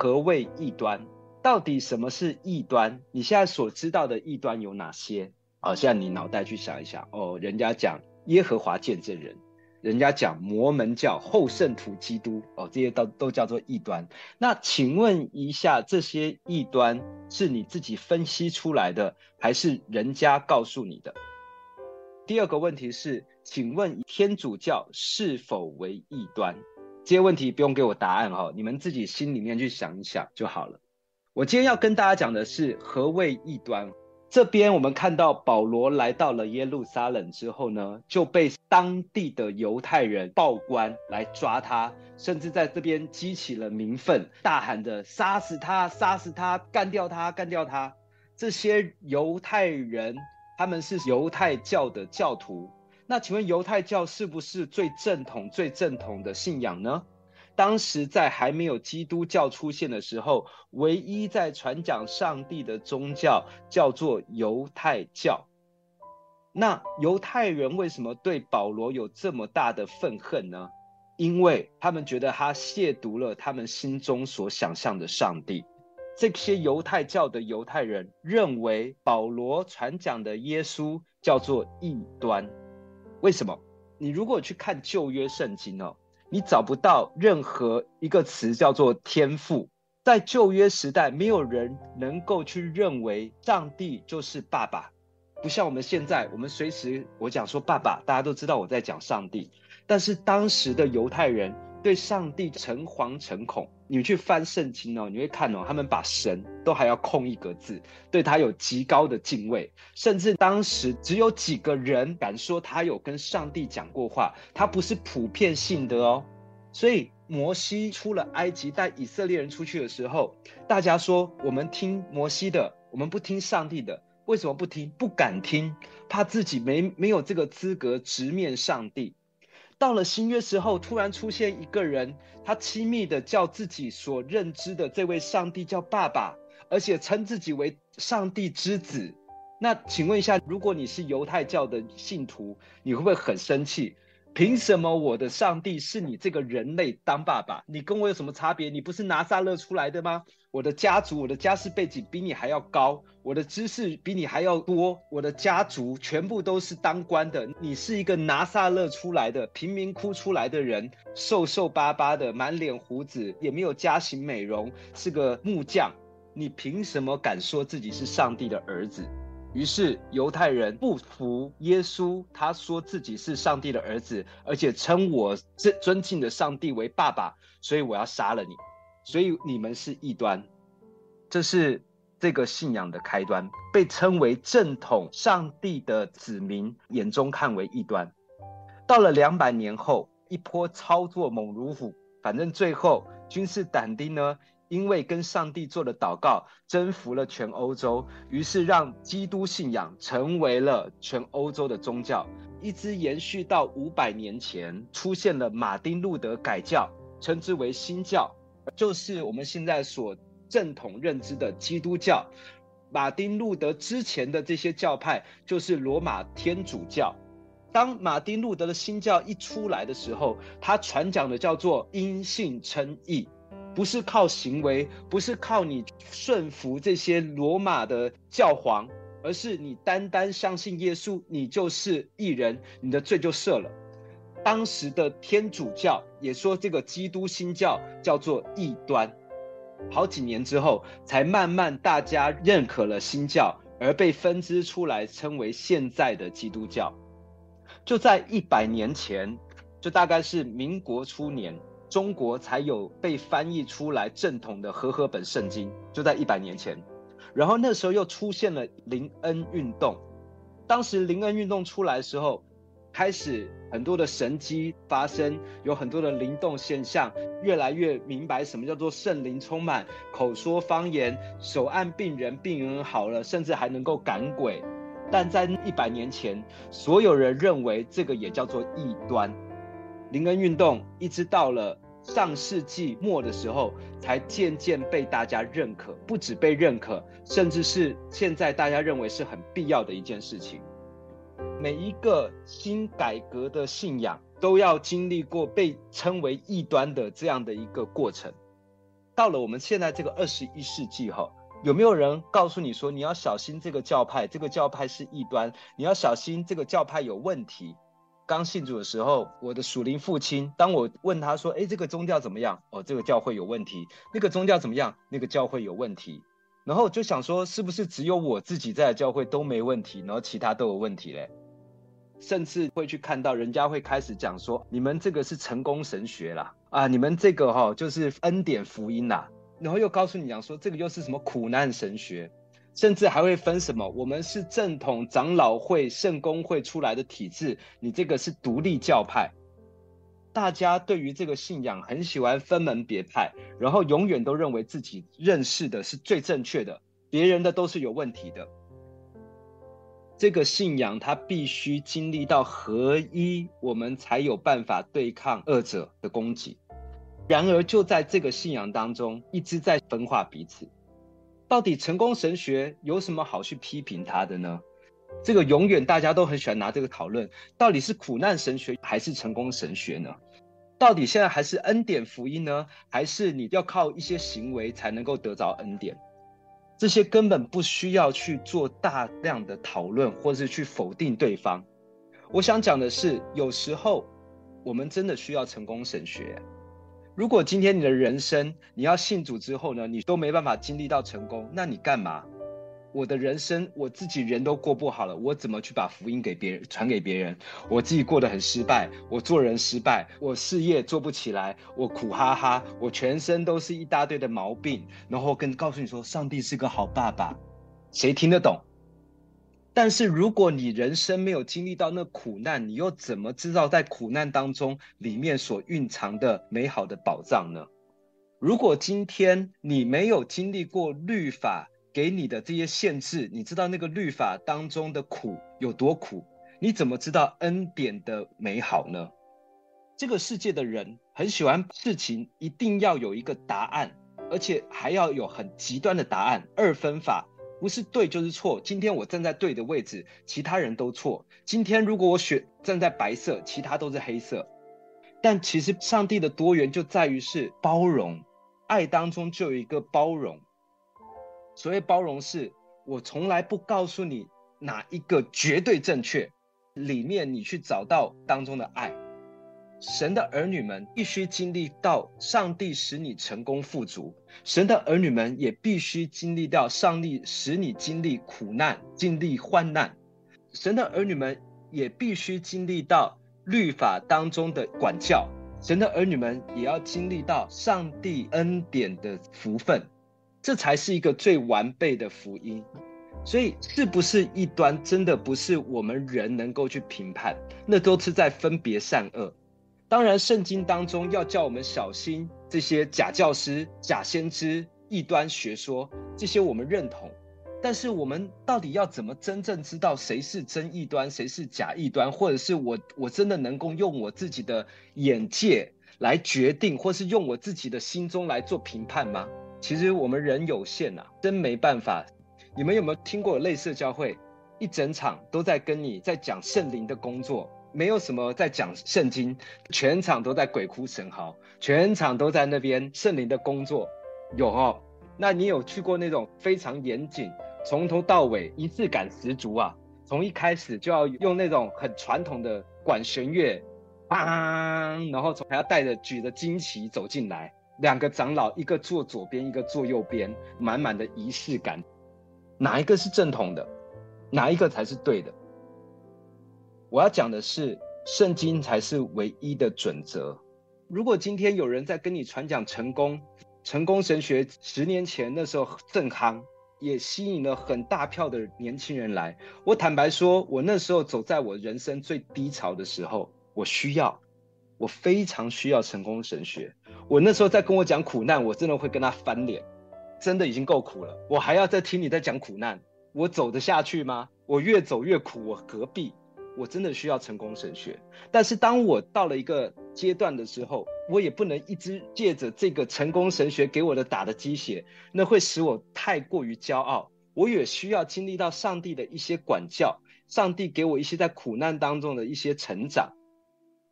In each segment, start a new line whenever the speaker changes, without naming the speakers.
何謂異端？到底什麼是異端？你現在所知道的異端有哪些？好、哦、現在你腦袋去想一想。哦，人家講耶和華見證人，人家講摩門教、後聖徒基督，哦，這些都都叫做異端。那請問一下，這些異端是你自己分析出來的，還是人家告訴你的？第二個問題是，請問天主教是否為異端？這些問題不用給我答案哈、哦，你們自己心裡面去想一想就好了。我今天要跟大家講的是何謂異端。這邊我們看到保羅來到了耶路撒冷之後呢，就被當地的猶太人報官來抓他，甚至在這邊激起了民憤，大喊着殺死他，殺死他，幹掉他，幹掉他。這些猶太人他們是猶太教的教徒。那請問猶太教是不是最正統、最正統的信仰呢？當時在還沒有基督教出現的時候，唯一在傳講上帝的宗教叫做猶太教。那猶太人為什麼對保羅有這麼大的憤恨呢？因為他們覺得他褻瀆了他們心中所想象的上帝。這些猶太教的猶太人認為保羅傳講的耶穌叫做異端。為什麼？你如果去看舊約聖經哦，你找不到任何一個詞叫做天父。在舊約時代，沒有人能夠去認為上帝就是爸爸，不像我們現在，我們隨時我講說爸爸，大家都知道我在講上帝。但是當時的猶太人對上帝誠惶誠恐。你去翻聖經哦，你會看哦，他們把神都還要空一個字，對他有極高的敬畏，甚至當時只有幾個人敢說他有跟上帝講過話，他不是普遍性的哦。所以摩西出了埃及帶以色列人出去的時候，大家說，我們聽摩西的，我們不聽上帝的，為什麼不聽？不敢聽，怕自己沒沒有這個資格直面上帝。到了新約時候，突然出現一個人，他親密的叫自己所認知的這位上帝叫爸爸，而且稱自己為上帝之子。那請問一下，如果你是猶太教的信徒，你會不會很生氣？憑什麼我的上帝是你這個人類當爸爸？你跟我有什麼差別？你不是拿撒勒出來的嗎？我的家族、我的家世背景比你還要高，我的知識比你還要多，我的家族全部都是當官的，你是一個拿撒勒出來的貧民窟出來的人，瘦瘦巴巴的，滿臉鬍子，也沒有家型美容，是個木匠，你憑什麼敢說自己是上帝的兒子？於是猶太人不服耶穌，他說自己是上帝的兒子，而且稱我尊尊敬的上帝為爸爸，所以我要殺了你，所以你們是異端。這是這個信仰的開端，被稱為正統上帝的子民眼中看為異端。到了兩百年後，一波操作猛如虎，反正最後君士坦丁呢。因為跟上帝做了禱告，征服了全歐洲，於是讓基督信仰成為了全歐洲的宗教，一直延續到五百年前，出現了馬丁路德改教，稱之為新教，就是我們現在所正統認知的基督教。馬丁路德之前的這些教派就是羅馬天主教。當馬丁路德的新教一出來的時候，他傳講的叫做因信稱義。不是靠行為，不是靠你順服這些羅馬的教皇，而是你單單相信耶穌，你就是義人，你的罪就赦了。當時的天主教也說這個基督新教叫做異端，好幾年之後才慢慢大家認可了新教，而被分支出來稱為現在的基督教。就在一百年前，就大概是民國初年。中國才有被翻譯出來正統的和合本聖經，就在一百年前。然後那時候又出現了靈恩運動，當時靈恩運動出來的時候，開始很多的神蹟發生，有很多的靈動現象，越來越明白什麼叫做聖靈充滿，口說方言，手按病人，病人好了，甚至還能夠趕鬼。但在一百年前，所有人認為這個也叫做異端。靈恩運動一直到了上世紀末的時候，才漸漸被大家認可。不止被認可，甚至是現在大家認為是很必要的一件事情。每一個新改革的信仰都要經歷過被稱為異端的這樣的一個過程。到了我們現在這個二十一世紀哈，有沒有人告訴你說你要小心這個教派？這個教派是異端，你要小心這個教派有問題？剛信主的時候，我的屬靈父親，當我問他說：“誒，這個宗教怎麼樣？哦，這個教會有問題。那個宗教怎麼樣？那個教會有問題。”然後就想說，是不是只有我自己在的教會都沒問題，然後其他都有問題嘞？甚至會去看到人家會開始講說：“你們這個是成功神學啦，啊，你們這個哈、哦、就是恩典福音啦。”然後又告訴你講說：“這個又是什麼苦難神學？”甚至還會分什麼？我們是正統長老會、聖公會出來的體制，你這個是獨立教派。大家對於這個信仰很喜歡分門別派，然後永遠都認為自己認識的是最正確的，別人的都是有問題的。這個信仰它必須經歷到合一，我們才有辦法對抗惡者的攻擊。然而就在這個信仰當中，一直在分化彼此。到底成功神學有什麼好去批評他的呢？這個永遠大家都很喜歡拿這個討論，到底是苦難神學還是成功神學呢？到底現在還是恩典福音呢？還是你要靠一些行為才能夠得到恩典？這些根本不需要去做大量的討論，或是去否定對方。我想講的是，有時候我們真的需要成功神學。如果今天你的人生，你要信主之後呢，你都沒辦法經歷到成功，那你幹嘛？我的人生，我自己人都過不好了，我怎麼去把福音給別人，傳給別人？我自己過得很失敗，我做人失敗，我事業做不起來，我苦哈哈，我全身都是一大堆的毛病，然後跟，告訴你說上帝是個好爸爸，誰聽得懂？但是如果你人生沒有經歷到那苦難，你又怎麼知道在苦難當中裡面所蘊藏的美好的寶藏呢？如果今天你沒有經歷過律法給你的這些限制，你知道那個律法當中的苦有多苦？你怎麼知道恩典的美好呢？這個世界的人很喜歡事情一定要有一個答案，而且還要有很極端的答案，二分法。不是對就是錯。今天我站在對的位置，其他人都錯。今天如果我選站在白色，其他都是黑色。但其實上帝的多元就在於是包容，愛當中就有一個包容。所謂包容是，是我從來不告訴你哪一個絕對正確，裡面你去找到當中的愛。神的兒女們必須經歷到上帝使你成功富足，神的兒女們也必須經歷到上帝使你經歷苦難、經歷患難，神的兒女們也必須經歷到律法當中的管教，神的兒女們也要經歷到上帝恩典的福分，這才是一個最完備的福音。所以，是不是異端真的不是我們人能夠去評判？那都是在分別善惡。當然，聖經當中要叫我們小心這些假教師、假先知、異端學說，這些我們認同。但是，我們到底要怎麼真正知道誰是真異端，誰是假異端，或者是我我真的能夠用我自己的眼界來決定，或是用我自己的心中來做評判嗎？其實我們人有限吶、啊，真沒辦法。你們有沒有聽過有類似教會，一整場都在跟你在講聖靈的工作？沒有什麼在講聖經，全場都在鬼哭神嚎，全場都在那邊聖靈的工作，有哦。那你有去過那種非常嚴謹，從頭到尾，儀式感十足啊？從一開始就要用那種很傳統的管弦樂，啊，然後從還要帶着舉着旌旗走進來，兩個長老一個坐左邊，一個坐右邊，滿滿的儀式感。哪一個是正統的？哪一個才是對的？我要講的是，聖經才是唯一的準則。如果今天有人在跟你傳講成功、成功神學，十年前那時候正夯，也吸引了很大票的年輕人來。我坦白說，我那時候走在我人生最低潮的時候，我需要，我非常需要成功神學。我那時候在跟我講苦難，我真的會跟他翻臉。真的已經夠苦了，我還要再聽你在講苦難，我走得下去嗎？我越走越苦，我何必？我真的需要成功神學，但是當我到了一個階段的時候，我也不能一直借着這個成功神學給我的打的雞血，那會使我太過於驕傲。我也需要經歷到上帝的一些管教，上帝給我一些在苦難當中的一些成長。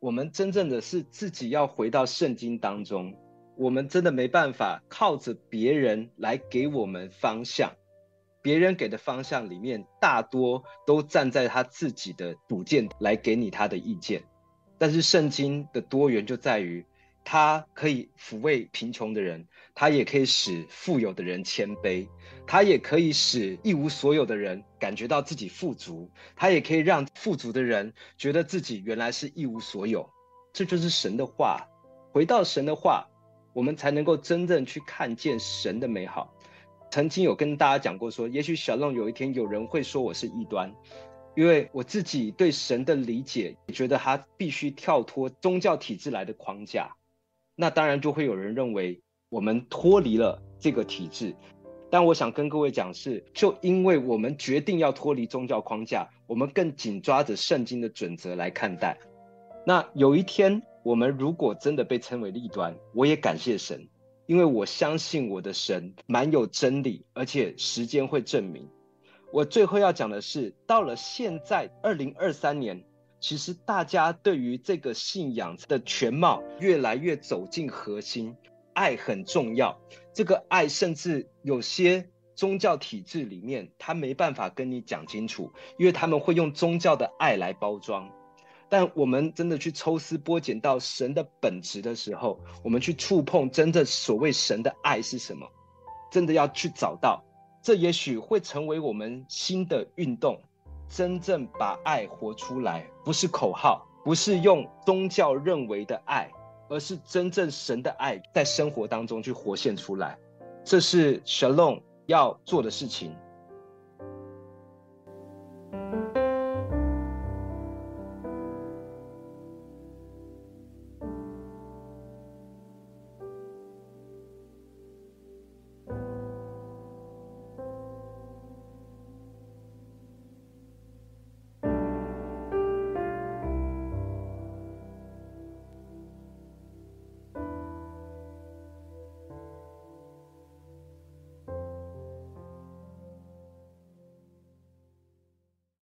我們真正的是自己要回到聖經當中，我們真的沒辦法靠着別人來給我們方向。別人給的方向裡面，大多都站在他自己的主見來給你他的意見，但是聖經的多元就在於，他可以撫慰貧窮的人，他也可以使富有的人謙卑，他也可以使一無所有的人感覺到自己富足，他也可以讓富足的人覺得自己原來是一無所有。這就是神的話，回到神的話，我們才能夠真正去看見神的美好。曾經有跟大家講過說，說也許 SHALOM 有一天有人會說我是異端，因為我自己對神的理解，覺得他必須跳脫宗教體制來的框架，那當然就會有人認為我們脫離了這個體制。但我想跟各位講是，就因為我們決定要脫離宗教框架，我們更緊抓着聖經的準則來看待。那有一天我們如果真的被稱為異端，我也感謝神。因為我相信我的神蠻有真理，而且時間會證明。我最後要講的是，到了現在2023年，其實大家對於這個信仰的全貌越來越走進核心，愛很重要。這個愛甚至有些宗教體制裡面，他沒辦法跟你講清楚，因為他們會用宗教的愛來包裝。但我們真的去抽絲剝繭到神的本質的時候，我們去觸碰真正所謂神的愛是什麼？真的要去找到，這也許會成為我們新的運動，真正把愛活出來，不是口號，不是用宗教認為的愛，而是真正神的愛在生活當中去活現出來。這是 Shalom 要做的事情。